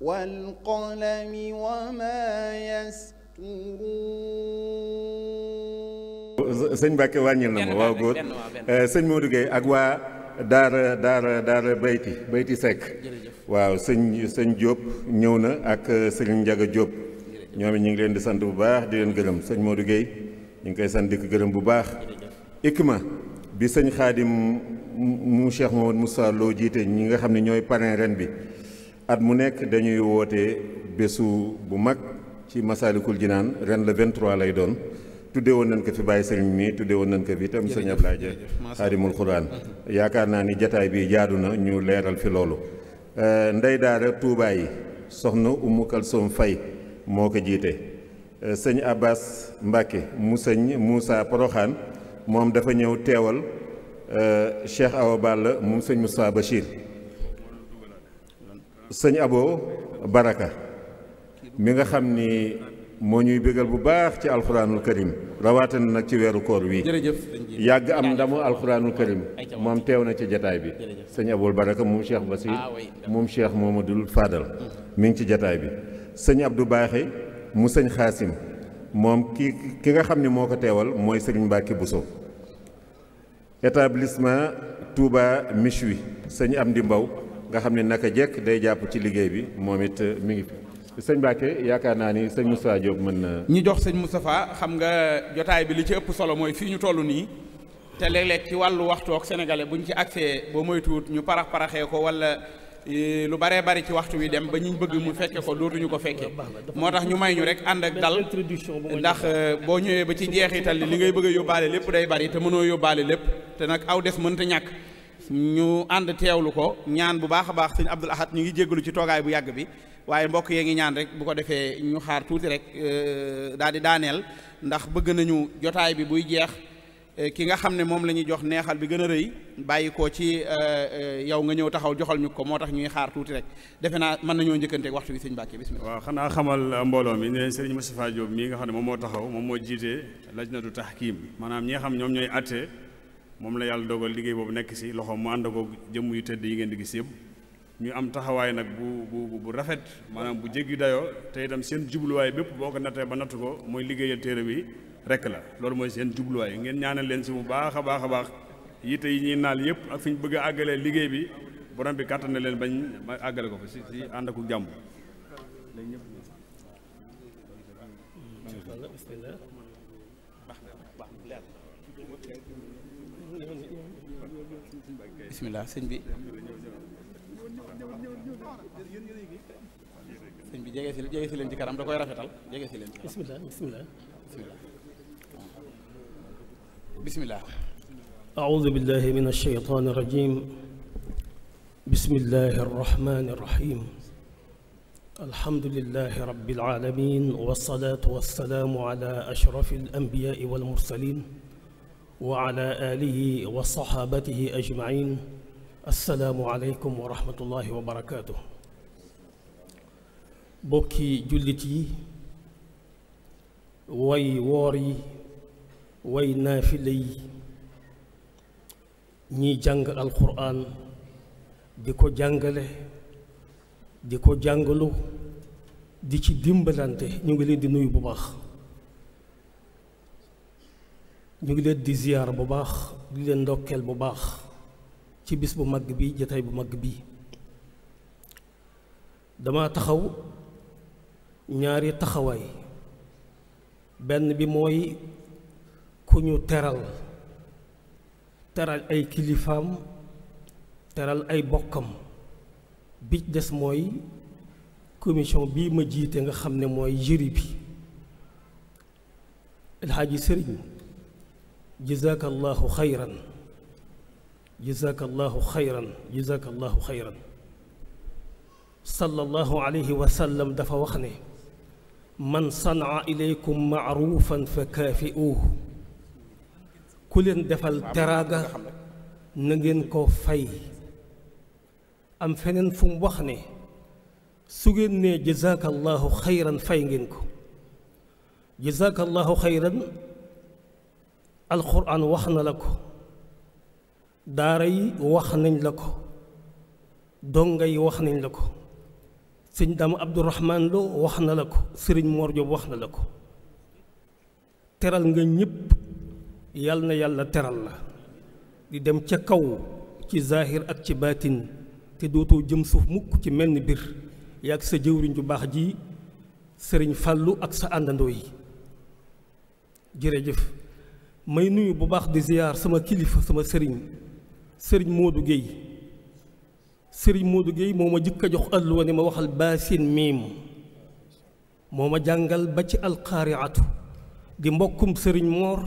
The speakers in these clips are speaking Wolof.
والقلم وما sëñ Mbacke wàññil na ma waaw eh, ak waa daara daara daara bayti bayti Seck waaw sëñ sëñ Diop ñëw na ak sëñ Ndiaga Diop ñoom ñu ngi leen di sant bu baax di leen gërëm sëñ moo Gueye ñu ngi koy sant di gërëm bu baax ikma bi sëñ Xaadim mu Cheikh Mouhamed Moussa loo jiite ñi nga xam ne ñooy parrain ren bi at mu nekk dañuy woote bésu bu mag ci Masaalikul Jinaan ren la 23 lay doon tuddee woon nañ ko fi bàyyi sëriñ mi tuddee woon nañ ko fi itam sëriñ Ablaye Dia xaadimul xuraan yaakaar naa ni jataay bi jaadu na ñu leeral fi loolu euh, ndey daara Touba soxna Umu Kalsoom Fay moo ko jiite euh, sëñ Abbas Mbàkke mu sëñ Moussa moom dafa ñëw teewal euh, Cheikh Awa Balla mu sëñ Moussa Bachir sëñ aboo Baraka mi nga xam ni moo ñuy bégal bu baax ci alxuraanul karim rawaate na nag ci weeru koor wi yàgg am ndamu alxuraanul karim moom teew na ci jataay bi sëñ Abul Baraka moom Cheikh Basir ah, moom Cheikh Momadul Fadal mi ngi ci jataay bi sëñ Abdou Baaxe mu sëñ Xaasim moom ki ki nga xam ni moo ko teewal mooy sëñ Mbacke Bousso tuuba Touba Michwi sëñ am di Mbaw nga xam ne naka jekk day jàpp ci liggéey bi moom it euh, mi ngi fi sëñ Mbacke yaakaar naa ni sëñ Moustapha Diop mën na. ñu jox sëñ Moustapha xam nga jotaay bi li ci ëpp solo mooy fii ñu toll nii te léeg-léeg ci wàllu waxtu ak sénégalais bu ñu ci accès ba moytuwut ñu parax paraxee ko wala. E, lu bare bari ci waxtu wi dem ba ñu bëgg mu fekke ko dootuñu ko fekke moo tax ñu may ñu rek ànd ak dal ndax e, boo ñëwee ba ci jeexital li ngay bëgg a yóbbaale lépp day bari te mënoo yóbbaale lépp te nag aw des mënta ñàkk ñu ànd teewlu ko ñaan bu baax a baax sëñ Abdul Ahad ñu ngi jéggalu ci toogaay bu yàgg bi waaye mbokk yee ngi ñaan rek bu ko defee ñu xaar tuuti rek euh, daal di daaneel ndax bëgg nañu jotaay bi buy jeex euh, ki nga xam ne moom la ñuy jox neexal bi gën a rëy bàyyi ko ci euh, yow nga ñëw taxaw joxal ñu ko moo tax ñuy xaar tuuti rek defe naa mën nañoo njëkkanteeg waxtu bi sëñ Mbàkke bismillah waaw xanaa xamal mbooloo mi ne Serigne Moustapha Diop mii nga xam ne moom moo taxaw moom moo jiite lajnatu tahkim maanaam ñi nga xam ñoom ñooy atte moom la yàlla dogal liggéey boobu nekk si loxoom mu ànd ko jëmm yu tëdd yi ngeen di gis ñu am taxawaay nag bu bu bu rafet maanaam bu jéggi dayoo te itam seen jubluwaay bépp boo ko nattee ba natt ko mooy liggéeyal téere bi rekk la loolu mooy seen jubluwaay ngeen ñaanal leen si bu baax a baax a baax yitte yi ñuy naal yëpp ak fi ñu bëgg a àggalee liggéey bi borom bi kàttan na leen bañ ma àggale ko fa si si ànd ak jàmm bisimilah sëñ bi sëñ bi jege si jege si leen ci kanam da koy rafetal jege si leen ci bisimilah bisimilah bisimilah أعوذ بالله من الشيطان الرجيم بسم الله الرحمن الرحيم الحمد لله رب العالمين والصلاة والسلام على أشرف الأنبياء والمرسلين wa ala alihi wa saxaabatihi ajmain assalaamu aleykum wa rahmatullahi wa barakaatu bokki jullit yi way woor yi way naafile yi ñiy jàng alxuraan di ko jàngale di ko jàngalu di ci dimbalante ñu ngi leen di nuyu bu baax ñu ngi leen di bu baax di leen ndokkeel bu baax ci bis bu mag bi jataay bu mag bi dama taxaw ñaari taxawaay benn bi mooy ku ñu teral teral ay kilifaam teral ay bokkam bi des mooy commission bii ma jiite nga xam ne mooy jury bi El Hadji Serigne jazaka allahu xayran jazaka allahu xayran jazaka allahu xayran sallallahu alayhi wa sallam dafa wax ne man sanaa ilaykum maarufan fa kaafiuuhu ku leen defal teraanga na ngeen ko fay am feneen fu mu wax su ngeen nee jazaka allahu xayran fay ngeen ko jazaka allahu xayran alxuraan wax na la ko daara yi wax nañ la ko donga yi wax nañ la ko sëñ Dame Abdourahman Lo wax na la ko sëriñ Mor wax na la ko teral nga ñépp yal na yàlla teral la di dem ca kaw ci zahir ak ci baatin te dootoo jëm suuf mukk ci mel menn bir yàgg sa jëwriñ ju baax ji sëriñ Fàllu ak sa àndandoo yi may nuyu bu baax di ziyaar sama kilifa sama sëriñ sëriñ Modou Guèye sëriñ Modou Guèye moo ma jëkk a jox àlluwa ne ma waxal baasin miim moo ma jàngal ba ci alqaariatu di mbokkum sëriñ Moor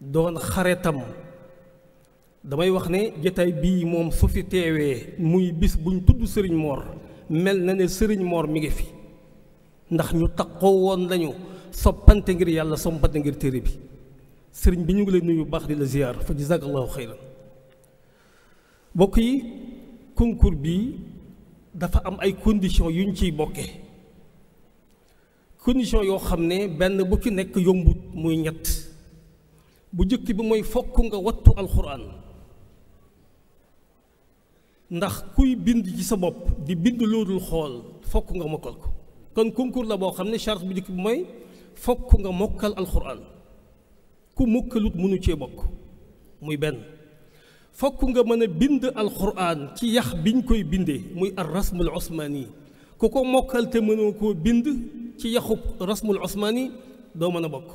doon xaretam damay wax ne jataay bii moom su fi teewee muy bis buñ tudd sëriñ Moor mel na ne sëriñ Moor mi ngi fi ndax ñu takkoo woon lañu soppante ngir yàlla soppante ngir téere bi sëriñ bi ñu ngi lay bu baax di la ziar fa jazakallahu xayran mbokk yi konkuur bi dafa am ay conditions yu ñu ciy bokkee conditions yoo xam ne benn bu ci nekk yombut muy ñett bu jëkk bi mooy fokk nga wattu alxuraan ndax kuy bind ci sa bopp di bind loolul xool fokk nga mokkal ko kon concours la boo xam ne charte bu jëkk bi mooy fokk nga mokkal alxuraan ku mukkalut munu cee bokk muy benn fokk nga mën a bind alxuraan ci yax biñ koy bindee muy ar rasmul osmaani ku ko mokkal te mënoo koo bind ci yaxub rasmul osmaani doo mën a bokk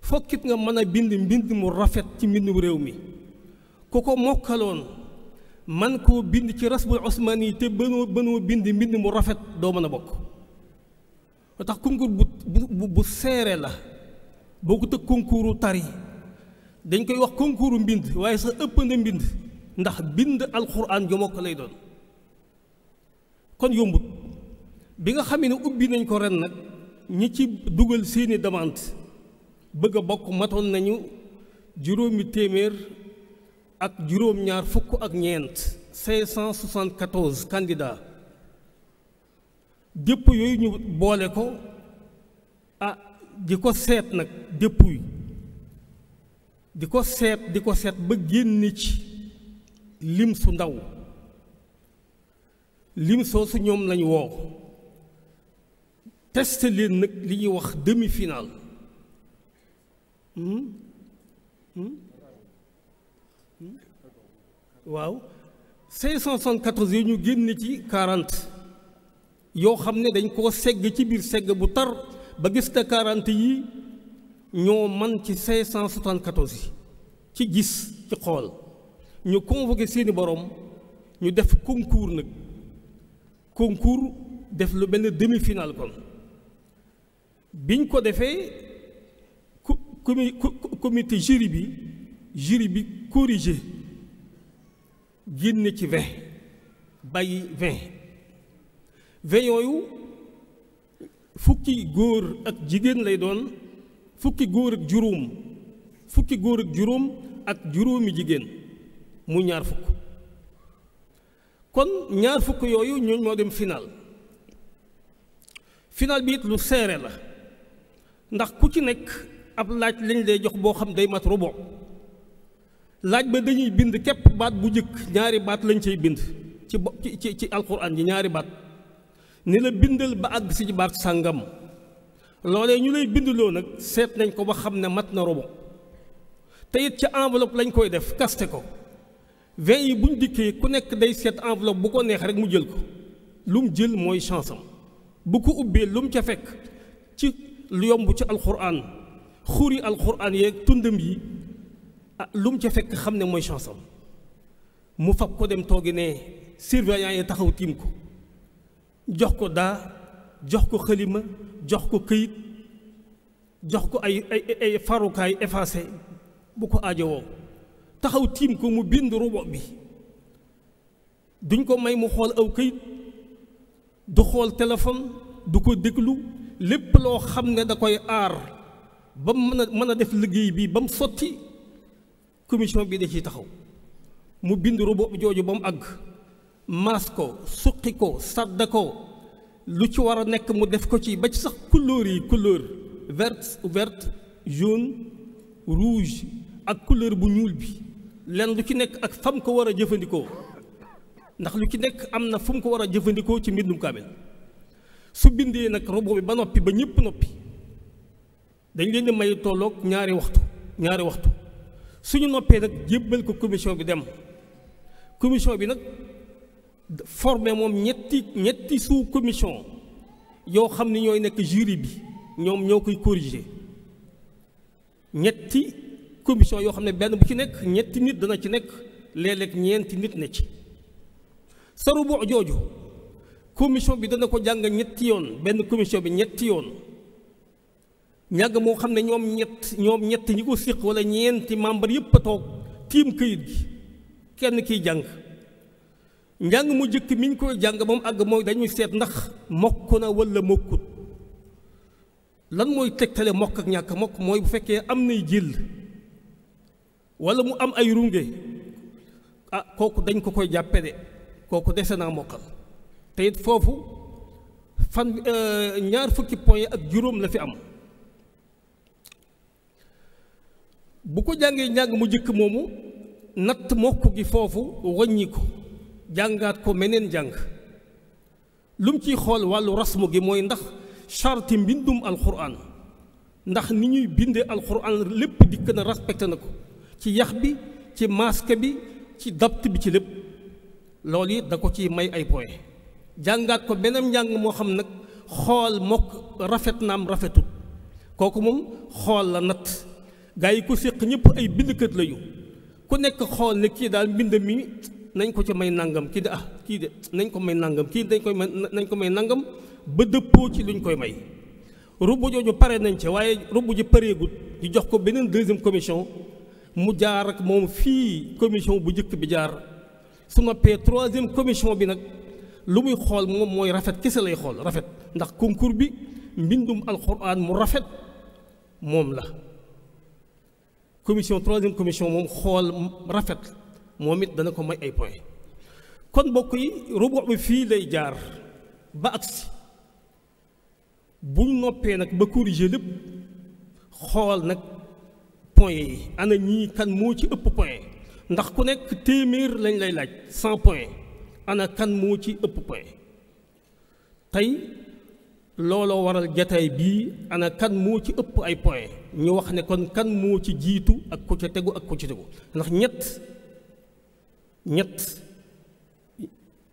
fokkit nga mën a bind mbind mu rafet ci mbindum réew mi ku ko mokkaloon man koo bind ci rasmul osmaani te bënoo bënoo bind mbind mu rafet doo mën a bokk moo tax bu bu bu seere la bokkut ak concours tari dañ koy wax concours mbind waaye sax ëppande mbind ndax bind alxuraan ju mokk lay doon kon yombut bi nga xamee ne ubbi nañ ko ren nag ñi ci dugal seeni demande bëgg a bokk matoon nañu juróomi téeméer ak juróom-ñaar fukk ak ñeent 574 candidats jëpp yooyu ñu boole ko ah di ko seet nag depuis di ko seet di ko seet ba génn ci lim su ndaw lim soosu ñoom lañu woo teste leen nag li ñuy wax demi-finale hmm? Hmm? Hmm? waaw cinq cent soixante ñu génn ci quarante yoo xam ne dañ koo segg ci biir segg bu tar ba gis te 40 yi ñoo man ci 574 yi ci gis ci xool ñu convoqué seeni borom ñu def concours nag concours def lu benn demi-finale kon biñ ko defee ku comi bi juri bi corrigé génne ci 20 bàyyi 20 20 fukki góor ak jigéen lay doon fukki góor ak juróom fukki góor ak juróom ak juróomi jigéen mu ñaar fukk kon ñaar fukk yooyu ñun ñoo dem final final bi it lu seere la ndax ku ci nekk ab laaj lañ lay jox boo xam day mat robo laaj ba dañuy bind képp baat bu jëkk ñaari baat lañ cay bind ci ci ci alquran yi ñaari baat ni la bindal ba àgg si ci sàngam loole ñu lay bindloo nag seet nañ ko ba xam ne mat na robo te it ca enveloppe lañ koy def kaste ko vingt yi buñ dikkee ku nekk day seet enveloppe bu ko neex rek mu jël ko lu mu jël mooy chance am bu ko ubbee lu mu ca fekk ci lu yomb ci alxuraan xuri alxuraan yeeg tundam yi ah lu mu ca fekk xam ne mooy chance am mu fab ko dem toogi ne surveillant yi taxaw tiim ko jox ko daa jox ko xalima jox ko kayit jox ko ay ay ay farukaay effacé bu ko aajowoo taxaw tiim ko mu bind rubo bi duñ ko may mu xool aw kayit du xool téléphone du ko déglu lépp loo xam ne da koy aar ba mu mën a mën a def liggéey bi ba mu sotti commission bi da ciy taxaw mu bind rubo jooju ba mu àgg maas ko suqi ko sadda ko lu ci war a nekk mu def ko ci ba ci sax couleur yi couleur vert ouvert jaune rouge ak couleur bu ñuul bi lenn lu ci nekk ak fam ko war a jëfandikoo ndax lu ci nekk am na fu mu ko war a jëfandikoo ci mbindum kaamil su bindee nag robot bi ba noppi ba ñëpp noppi dañ leen di may tolloog ñaari waxtu ñaari waxtu suñu noppee nag jébbal ko commission bi dem commission bi nag formé moom ñetti ñetti sous commission yoo xam ni ñooy nekk juri bi ñoom ñoo koy corriger ñetti commission yoo xam ne benn bu ci nekk ñetti nit dana ci nekk léeg-léeg ñeenti nit na ci sa rubu jooju commission bi dana ko jàng ñetti yoon benn commission bi ñetti yoon ñàng moo xam ne ñoom ñett ñoom ñett ñi ko siq wala ñeenti membre yëpp a toog tiim këyit gi kenn kiy jàng njàng mu jëkk mi ñu koy jàng ba mu àgg mooy dañuy seet ndax mokk na wala mokkut lan mooy tegtale mokk ak ñàkk mokk mooy bu fekkee am nay jël wala mu am ay runge a ah, kooku dañ ko koy jàppe de kooku dese naa mokkal te foofu fan euh, ñaar fukki point ak juróom la fi am bu ko jàngee njàng mu jëkk moomu natt mokk gi foofu wàññi ko jàngaat ko meneen jàng lu mu ciy xool wàllu rasmu gi mooy ndax charti mbindum alxuraan ndax ni ñuy bindee alxuraan lépp dikk na respecté na ko ci yax bi ci masque bi ci dapt bi ci lépp loolu it da ko ci may ay point jàngaat ko beneen njàng moo xam nag xool mokk rafet naam rafetut kooku moom xool la natt gaa yi ko séq ñëpp ay bindkat la yu ku nekk xool ne kii daal mbind mi nañ ko ci may nangam kii de ah kii de nañ ko may nangam kii dañ koy may nañ ko may nangam ba dëppoo ci luñ koy may rubb jooju pare nañ ca waaye rubb ji pareegut ñu jox ko beneen deuxième commission mu jaar ak moom fii commission bu njëkk bi jaar su ma noppee troisième commission bi nag lu muy xool moom mooy rafet kese lay xool rafet ndax concours bi mbindum alxuraan mu rafet moom la commission troisième commission moom xool rafet moom it dana ko may ay point kon bokk yi rubu bi fii lay jaar ba agsi bu noppee nag ba corriger lépp xool nag point yi ana ñii kan moo ci ëpp point ndax ku nekk téeméer lañ lay laaj cent point ana kan moo ci ëpp point tey looloo waral jataay bii ana kan moo ci ëpp ay point ñu wax ne kon kan moo ci jiitu ak ku ca tegu ak ku ca tegu ndax ñett ñett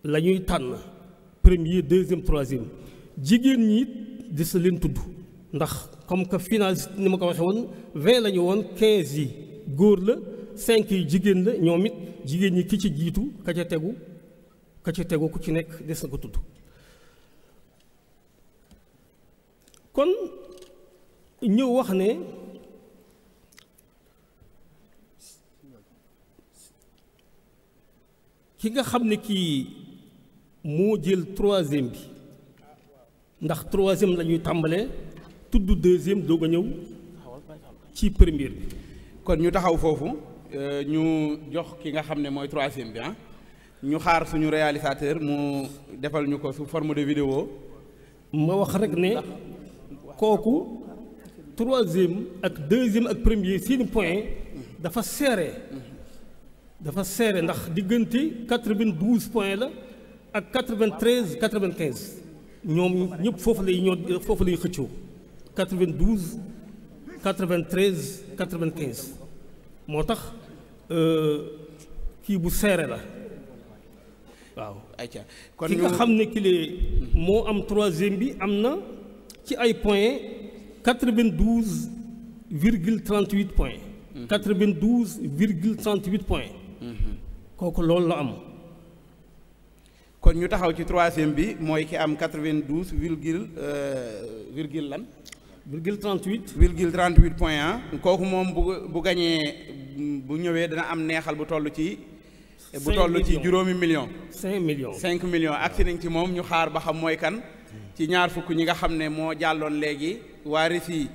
lañuy tànn premier deuxième troisième jigéen ñi it di sa leen tudd ndax comme que finaliste ni ma ko waxee woon vingt la ñu woon quinze yi góor la cinq yi jigéen la ñoom it jigéen ñi ki ci jiitu ka ca tegu ka ca tegu ku ci nekk des na ko tudd kon ñëw wax ne ki nga xam ne kii moo jël troisième bi ndax troisième la ñuy tàmbalee tudd deuxième doog a ñëw ci première bi. kon ñu taxaw foofu euh, ñu jox ki nga xam ne mooy troisième bi ah ñu xaar suñu réalisateur mu defal ñu ko sous forme de vidéo ma wax rek ne kooku troisième ak deuxième ak premier seen point dafa serré. dafa serré ndax diggante 92 point la ak 93 95 ñoom ñëpp foofu lay ñoo foofu lay xëccoo 92 93 95 moo tax euh, kii bu serré la waaw. ayca kon ki nga xam ne kii lee moo am troisième bi am na ci ay points 92 virgule 38 points. 92 virgule 38 points. kooku loolu la am kon ñu taxaw ci troisième bi mooy ki am quatre-vingt-douze virgule euh, virgule lan virgule 38 virgule 38 point 1 kooku moom bu bu gañee bu ñëwee dana am neexal bu toll ci bu toll ci juróomi million cinq millions cinq millions agsi nañ ci moom ñu xaar ba xam mooy kan ci ñaar fukk ñi nga xam ne moo jàlloon léegi waaris yi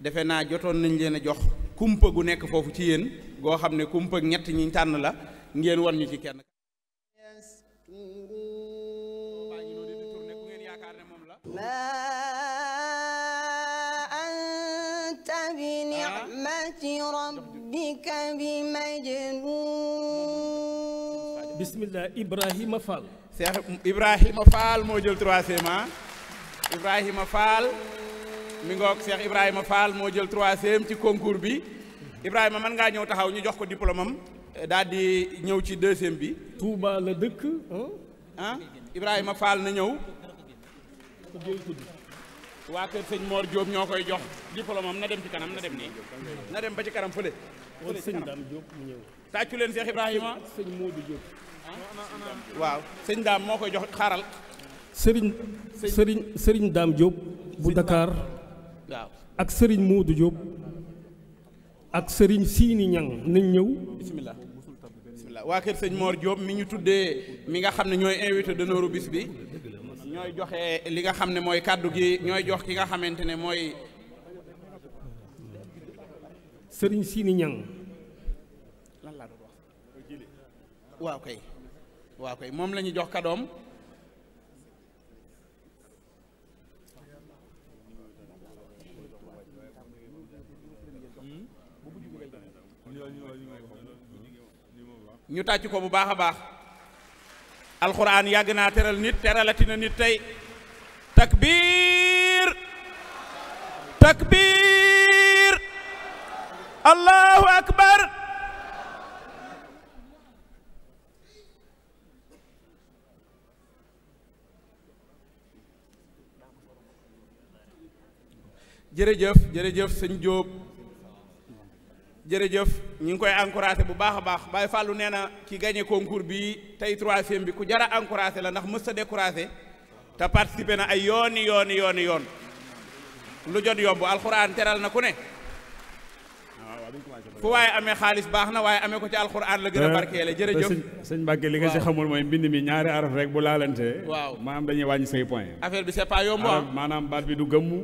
defe naa jotoon nañ leen a jox kumpa gu nekk foofu ci yéen goo xam ne kumpa ñett ñi tànn la ngeen wan ñu ci kenn bismillah Ibrahima Fall. Cheikh Ibrahima Fall moo jël troisième ah. Ibrahima Fall mi ngoog Cheikh Ibrahima Fall moo jël troisième ci concours bi Ibrahima mën ngaa ñëw taxaw ñu jox ko diplôme daal di ñëw ci deuxième bi. Touba la dëkk. ah Ibrahima Fall na ñëw. waa kër sëñ moor Diop ñoo koy jox diplôme am na dem ci kanam na dem nii dem ba ci kanam fële. fële ci kanam tàccu leen Cheikh Ibrahima. sëñ Modou Diop. waaw sëñ Daam moo koy jox xaaral. sëriñ sëriñ sëriñ Daam Diop bu Dakar. waaw ak Serigne Modou Diop. ak sëriñ siini ñang nañ ñëw bisimilah bisimilah waa kër sëñ Mor Diop mi ñu tuddee mi nga xam ne ñooy invité d'honneur bis bi ñooy joxe li nga xam ne mooy kàddu gi ñooy jox ki nga xamante ne mooy sëriñ siini ñang lan laa doon wax moom la jox kadoom ñu tàcc ko bu baax a baax alxuraan yàgg naa teral nit teralati na nit tey takbir takbir allahu akbar jërëjëf jërëjëf sëñ Jóob jërëjëf ñu ngi koy encouragé bu baax a baax Baye Fallou nee na ki gagné concours bi tey troisième bi ku jara encouragé la ndax mës a découragé te participé na ay yooni yooni yooni yoon lu jot yomb alxuraan teral na ku ne fu waaye amee xaalis baax na waaye amee ko ci alxuraan la gën a eh, barkeele jërëjëf sëñ Mbàkke li nga si xamul mooy mbind mi ñaari araf rek bu laalantee waaw maanaam dañuy wàññi say point affaire bi c'est pas yomb ah. maanaam baat bi du gëmmu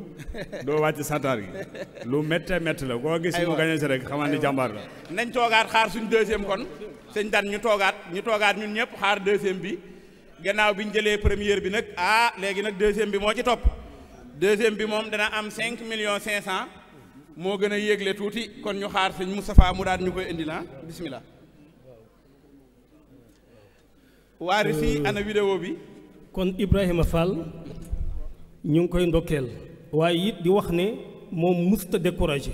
doo wàcc santaar gi lu métte métte la koo gis mu gañe si rek xamal ni jàmbaar la nañ toogaat xaar suñ deuxième kon sëñ Dan ñu toogaat ñu toogaat ñun ñëpp xaar deuxième bi gannaaw bi ñu jëlee première bi nag ah léegi nag deuxième bi moo ci topp deuxième bi moom dana am cinq millions cinq cent moo gën a yéegle tuuti kon ñu xaar sëñ Moustapha mu daal ñu koy indi na ah, bisimilah. waari si euh, ana bi. kon Ibrahima Fall ñu ngi koy ndokkeel. waaye it di wax ne moom musta découragé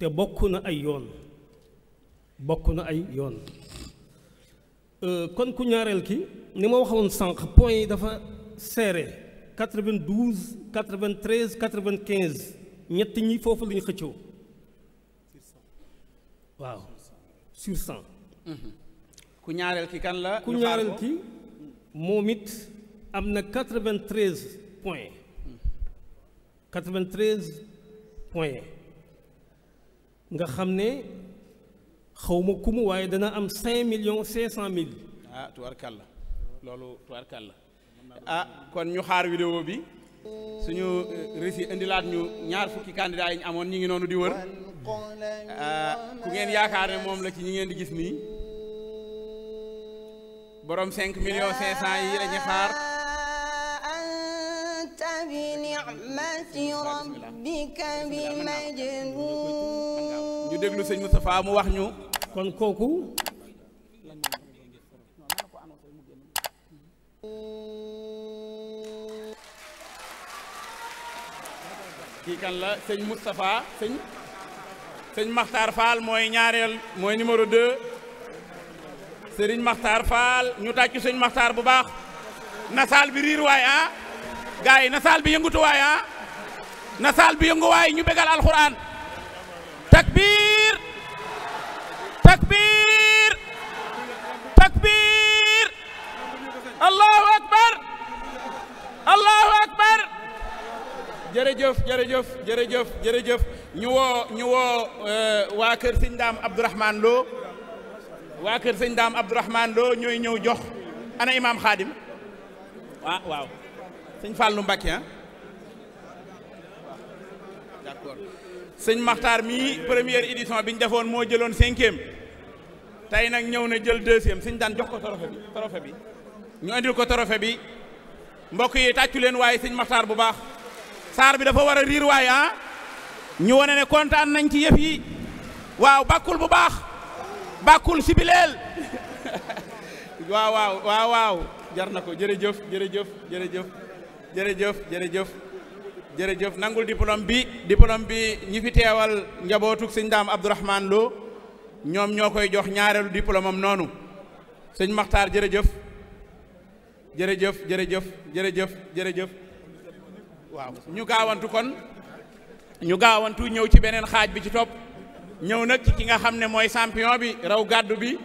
te bokk na ay yoon bokk na ay yoon. Euh, kon ku ñaareel ki ni ma waxoon sànq point yi dafa serré 92 93 95. ñett ñi foofu lañu xëccoo waaw sur cent ku ñaareel ki kan la ku ñaareel ki moom it am na quatre vingt nga xam ne xawma ku mu waaye dana am cinq millions cinq cent mille ah tubaarkàlla loolu tubaarkàlla ah, kon ñu xaar vidéo bi suñu eh, récit indilaat ñu ñaar fukki candidat yi ñu amoon ñu ngi noonu di wër eh, ku ngeen yaakaar ne moom la ci ñi ngeen di gis nii borom 5 millions 500 yi la ñu xaar anta bi ni'mati rabbika bi majnun ñu déglu sëñ Moustapha mu wax ñu kon kooku kii kan la sëñ Moustapha sëñ sëñ Makhtar Fall mooy ñaareel mooy numéro 2 sëriñ Makhtar Fall ñu tàccu sëñ Makhtar bu baax na saal bi riir waay ah gars yi bi yëngutu waay ah na bi yëngu waay ñu bégal alxuraan takbir takbir takbir allahu allahu akbar jërëjëf jërëjëf jërëjëf jërëjëf ñu woo ñu woo euh, waa kër sëñ daam Abdourahman Lo waa kër sëñ daam Abdourahman Lo ñooy ñëw jox ana imaam Xaadim ah, waaw sëñ Fallou Mbacké ah d'accord sëñ Makhtar mii première édition bi ñu defoon moo jëloon cinquième tey nag ñëw na jël deuxième sëñ daan jox ko trophée bi trophée bi ñu indil ko trophée bi mbokk yi tàccu leen waaye sëñ Makhtar bu baax. saar bi dafa war a riir waay ah ñu wane ne kontaan nañ ci yëf yi waaw bàkkul bu baax bàkkul sibileel waaw waaw waaw waaw jar na ko jërëjëf jërëjëf jërëjëf jërëjëf jërëjëf jërëjëf nangul diplôme bi diplôme bi ñi fi teewal njabootug sëñ daam Abdourahmane Lo ñoom ñoo koy jox ñaareelu diplôme am noonu sëñ Maxtaar jërëjëf jërëjëf jërëjëf jërëjëf jërëjëf waaw ñu gaawantu kon ñu gaawantu ñëw ci beneen xaaj bi ci topp ñëw nag ci ki nga xam ne mooy champion bi raw gàddu bi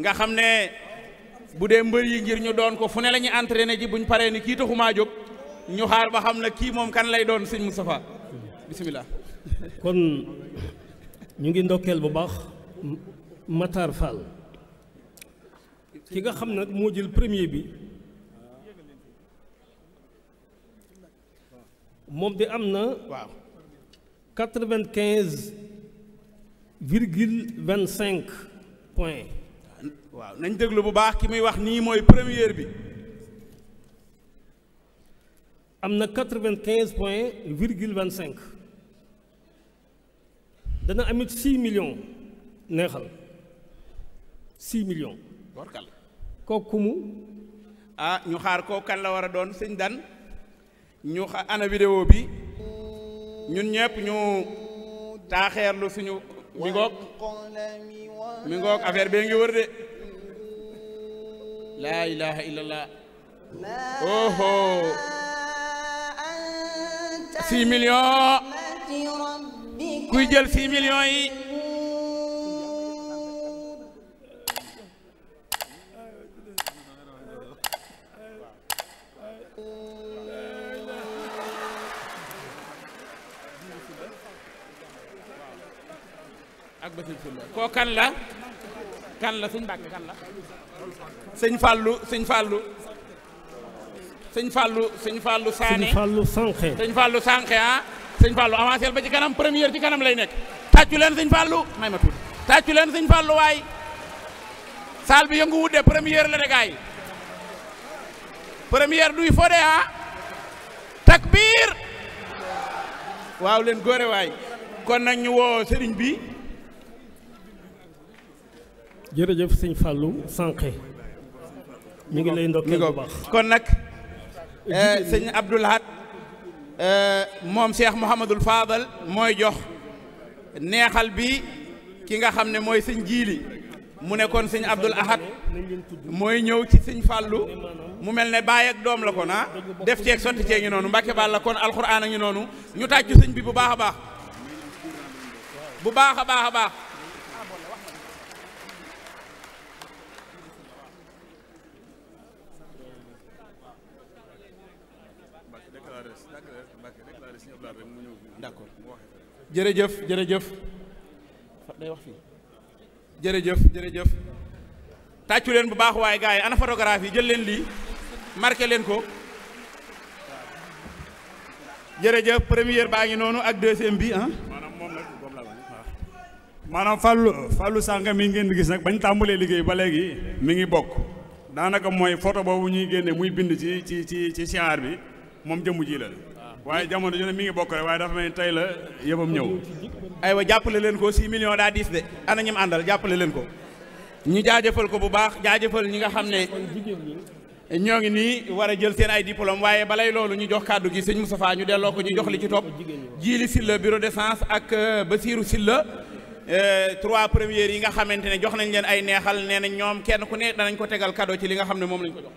nga xam ne bu dee mbër yi ngir ñu doon ko fu ne lañuy ñuy entraîné ji buñ paree ni kii maa jóg ñu xaar ba xam na kii moom kan lay doon sëñ Moustapha bisimilah. kon ñu ngi ndokkeel bu baax Matar Fall ki nga xam nag moo jël premier bi. moom di am na. waaw quatre vingt quinze virgule vingt cinq point. waaw nañ déglu bu baax ki muy wax nii mooy première bi. am na quatre vingt quinze point virgule vingt cinq. dana amit six million neexal six million kooku mu. ah ñu xaar kooku kan la war a doon sëñ Dan. ñu ana vidéo bi ñun ñëpp ñu taaxeerlu suñu mi ngoog mi ngoog affaire bee ngi wër de laa ilaha illallah oho six kuy jël six millions yi ak Basiir koo kan la kan la sëñ Mbàkke kan la sëñ fallu sëñ Fàllu sëñ Fàllu sëñ Fàllu Saane sëñ Fàllu Sànqe sëñ Fàllu Sànqe ah sëñ ci kanam première ci kanam lay nekk tàccu leen sëñ Fàllu may ma tuuti tàccu leen sëñ Fàllu waay saal bi yëngu wudde première la de première duy fode ah takbir waaw leen góore waay kon nag woo sëriñ bi jërëjëf sëñ Fallou Sànqe mu ngi lay ndokkee ko baax kon nag eh, sëñ Abdoul Ahad eh, moom Cheikh Mouhamadul Fadal mooy jox neexal bi ki nga xam ne mooy sëñ jiili mu ne kon sëñ Abdoul Ahad mooy ñëw ci sëñ Fallou mu mel ne baay ak doom la kon ah def ceeg sotti cee ngi noonu Mbàkke baal la kon alxuraan a ngi noonu ñu tàccu sëñ bi bu baax a baax bu baax a baax a baax jërëjëf jërëjëf day wax fii jërëjëf jërëjëf tàccu leen bu baax waaye gars yi ana photographe yi jël leen lii marqué leen ko jërëjëf première baa ngi noonu ak deuxième bi ah. maanaam Fallou Fallou Sanka mi ngeen di gis nag bañ tàmbalee liggéey ba léegi mi ngi bokk daanaka mooy photo boobu ñuy génne muy bind ci ci ci ci genre bi moom jëmmu ji la. waaye jamono ju ne mi ngi bokk rek waaye dafa mel ni tey la ñëw ay aywa jàppale leen ko 6 million daa diis de ana ñim àndal jàppale leen ko ñu jaajëfal ko bu baax jaajëfal ñi nga xam ne ñoo ngi nii war a jël seen ay diplôme waaye balay loolu ñu jox kàddu gi sëñ Moustapha ñu delloo ko ñu jox li ci topp jiili Silla bureau de science ak euh, Basiirou Silla euh, trois premières yi nga xamante ne jox nañ leen ay neexal nee na ñoom kenn ku ne danañ ko tegal kado ci li nga xam ne moom lañ ko jox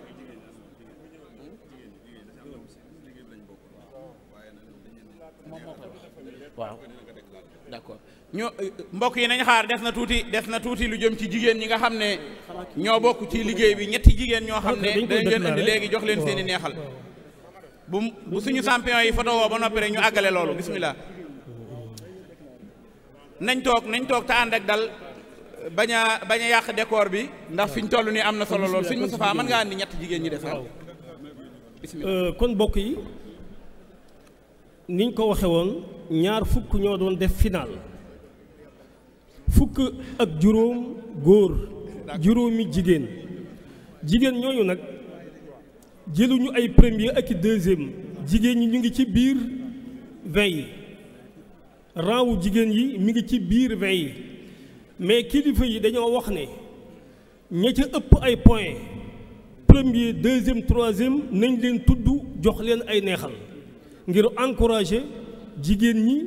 waaw d'accord ñoo euh, mbokk yi nañ xaar des na tuuti des na tuuti lu jëm ci jigéen ñi nga xam ne ñoo bokk ci liggéey bi ñetti jigéen ñoo xam ne dañ leen indi léegi jox leen seen i neexal bu bu suñu champion yi photo woo ba noppi rek ñu àggale loolu bismillah nañ toog nañ toog te ànd ak dal bañ a bañ a yàq décor bi ndax fi ñu toll nii am na solo lool suñu Moustapha mën ngaa andi ñetti jigéen ñi des ah? euh, kon mbokk yi niñ ko waxe woon ñaar fukk ñoo doon def final fukk ak juróom góor juróomi jigéen jigéen ñooñu nag jëluñu ay premier ak i deuxième jigéen ñi ñu ngi ci biir vingt yi raawu jigéen yi mi ngi ci biir vingt yi mais kilifa yi dañoo wax ne ña ca ëpp ay point premier deuxième troisième nañ leen tudd jox leen ay neexal ngir encourager jigéen ñi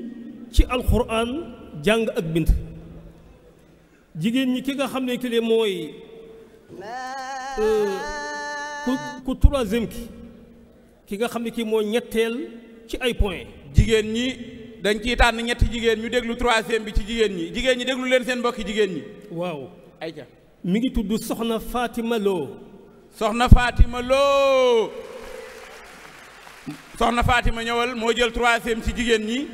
ci alxuraan jàng ak bind jigéen ñi ki nga xam ne kile mooy euh, ku ku ki ki nga xam ne kii mooy ñetteel ci ay point jigéen ñi dañ ciy tànn ñetti jigéen ñu déglu troisième bi ci jigéen ñi jigéen ñi déglu leen seen mbokki jigéen ñi waaw ayca mi ngi tudd soxna Fatima Lo soxna Fatima soxna Fatima ñëwal moo jël 3ème ci jigéen ñi.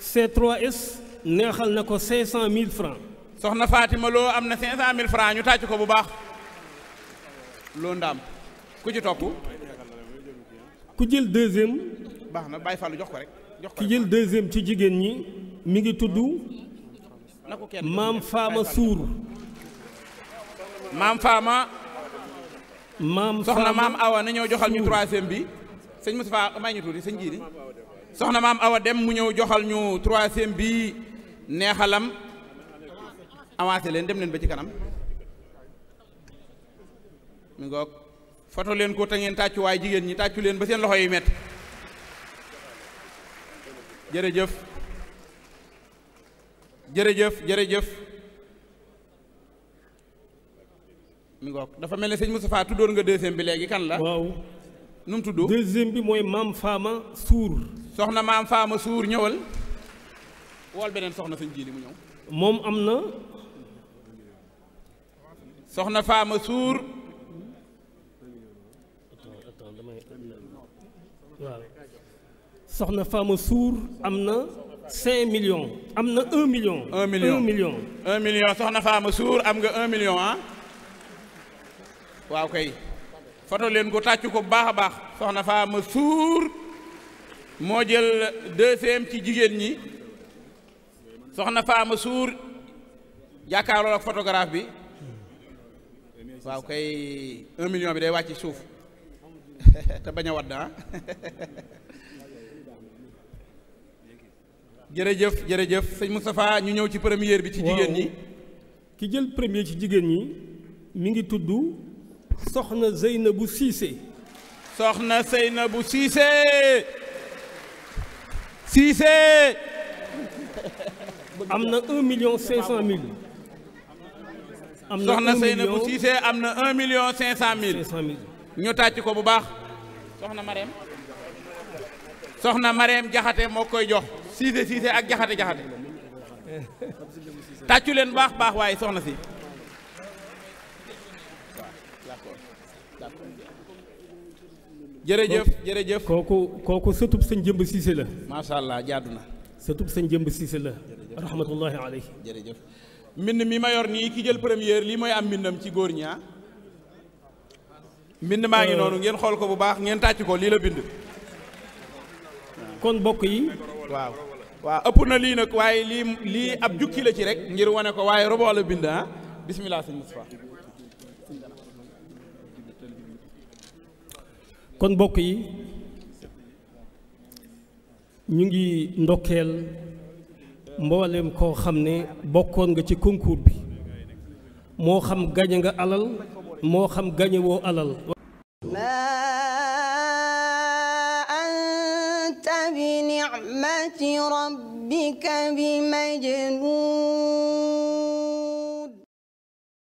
C3S neexal na ko 500000 francs soxna Fatima loo am na 500000 francs ñu tàcc ko bu baax. loo ndaam ku ci topp. ku jël deuxième. baax na bàyyi fàllu jox ko rek. jox ko rek ku jël deuxième ci jigéen ñi mi ngi tudd. maam Faama Suur. maam Faama. maam Faama soxna maam Awa na ñëw joxal ñu troisième bi. sëñ Moustapha may ñu tuuti sëñ Jiili soxna maam Awa dem mu ñëw joxal ñu troisième bi neexalam avancé leen dem leen ba ci kanam mi ngoog foto leen ko te ngeen tàccu waay jigéen ñi tàccu leen ba seen loxo yi mett jërëjëf jërëjëf jërëjëf mi ngoog dafa mel ne sëñ Moustapha tuddoon nga deuxième bi léegi kan la nu mu tudd. deuxième bi mooy maam faama suur. soxna maam faama suur ñëwal. wool beneen soxna sëñ ji li mu ñëw. moom am na. soxna faama suur. waaw soxna faama suur am na. 5 millions am na 1 million. 1 million 1 million. soxna faama suur am nga un million ah. waaw kay. foto leen ko tàcc ko bu baax a baax soxna Fama Suur moo jël deuxième ci jigéen ñi soxna Fama Suur jàkkaarloo ak photographe bi waaw kay un million bi day wàcc suuf te bañ a wadd ah jërëjëf jërëjëf sëñ Moustapha ñu ñëw ci première bi ci jigéen ñi ki jël premier ci jigéen ñi mi ngi tudd soxna Zeynabu Siise soxna Zeynabu Siise Siise am na un million cinq cent mille na soxna Zeynabu Siise am na un million cinq cent mille ñu tàcc ko bu baax soxna Marème soxna Marème Jaxate moo koy jox Siise Siise ak Jaxate Jaxate eh. tàccu leen baax baax waaye soxna si jërëjëf jërëjëf kooku kooku sëtub sëñ jëmb siise la macha allah jaadu na sëtub sëñ jëmb siise la rahmatullahi alayhi jërëjëf mbind mi ma yor nii ki jël première lii mooy am mbindam ci góor ñaa ah. mbind maa ngi euh. noonu ngeen xool ko bu baax ngeen tàcc ko lii la bind kon bokk yi waaw waaw ëpp na lii nag waaye lii lii ab jukki la ci rek ngir wane ko waaye robo la bind ah bismillah sëñ Moustapha kon mbokk yi ñu ngi ndokkeel mboolem koo xam ne bokkoon nga ci concours bi moo xam gañe nga alal moo xam gañe alal ma anta bi ni'mati rabbika bi majnun